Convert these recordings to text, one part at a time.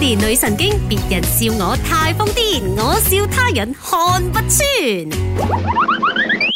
連女神經，別人笑我太瘋癲，我笑他人看不穿。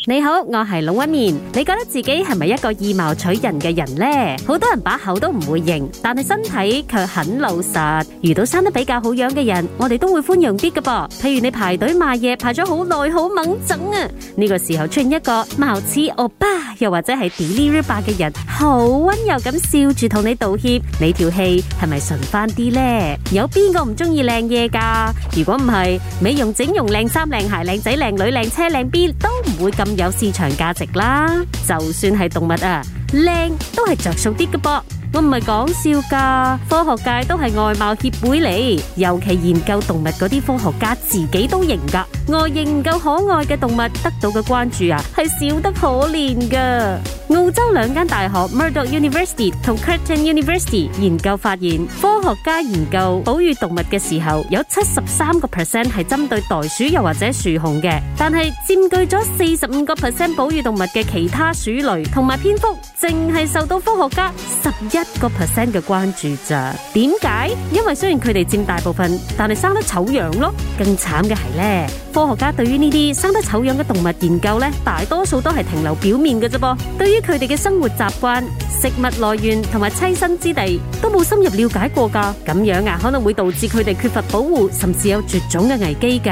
你好，我係龍紋敏，你覺得自己係咪一個以貌取人嘅人呢？好多人把口都唔會認，但係身體卻很老實。遇到生得比較好樣嘅人，我哋都會寬容啲嘅噃。譬如你排隊買嘢排咗好耐，好猛整，啊！呢、這個時候出現一個貌似惡霸，又或者係痞里碌霸嘅人。好溫柔咁笑住同你道歉，你條氣係咪順翻啲呢？有邊個唔中意靚嘢噶？如果唔係，美容整容靚衫靚鞋靚仔靚女靚車靚邊都唔會咁有市場價值啦。就算係動物啊，靚都係着數啲嘅噃。我唔係講笑噶，科學界都係外貌協會嚟，尤其研究動物嗰啲科學家自己都認噶，外形唔夠可愛嘅動物得到嘅關注啊，係少得可憐噶。澳洲兩間大學 Murdoch University 同 Curtin University 研究發現，科學家研究哺乳動物嘅時候，有七十三個 percent 係針對袋鼠又或者樹熊嘅，但係佔據咗四十五個 percent 哺乳動物嘅其他鼠類同埋蝙蝠，淨係受到科學家十一。個 percent 嘅關注咋？點解？因為雖然佢哋佔大部分，但係生得醜樣咯。更慘嘅係咧，科學家對於呢啲生得醜樣嘅動物研究咧，大多數都係停留表面嘅啫噃。對於佢哋嘅生活習慣、食物來源同埋棲身之地，都冇深入了解過噶。咁樣啊，可能會導致佢哋缺乏保護，甚至有絕種嘅危機噶。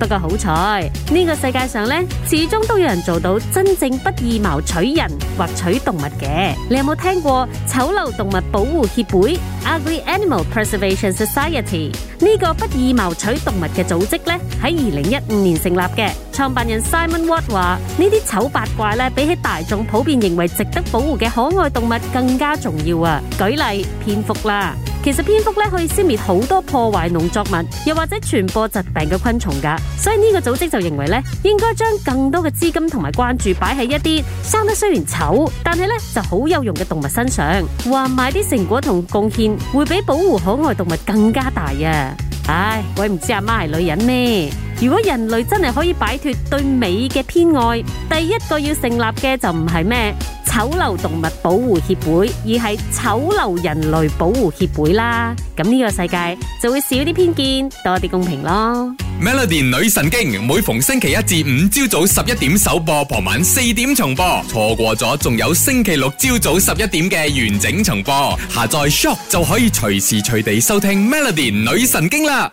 不過好彩，呢個，這個世界上咧，始終都有人做到真正不以貌取人或取動物嘅。你有冇聽過醜陋動物保護協會 （Ugly Animal Preservation Society） 呢個不以貌取動物嘅組織咧？喺二零一五年成立嘅，創辦人 Simon Watt 話：呢啲醜八怪咧，比起大眾普遍認為值得保護嘅可愛動物更加重要啊！舉例蝙蝠啦。其實蝙蝠咧，可以消滅好多破壞農作物又或者傳播疾病嘅昆蟲噶所以呢個組織就認為咧，應該將更多嘅資金同埋關注擺喺一啲生得雖然醜但係咧，就好有用嘅動物身上，話買啲成果同貢獻會比保護可愛動物更加大啊！唉，我唔知阿媽係女人咩？如果人類真係可以擺脫對美嘅偏愛，第一個要成立嘅就唔係咩？醜陋動物保護協會，而係醜陋人類保護協會啦。咁呢個世界就會少啲偏見，多啲公平咯。Melody 女神經，每逢星期一至五朝早十一點首播，傍晚四點重播。錯過咗，仲有星期六朝早十一點嘅完整重播。下載 Shop 就可以隨時隨地收聽 Melody 女神經啦。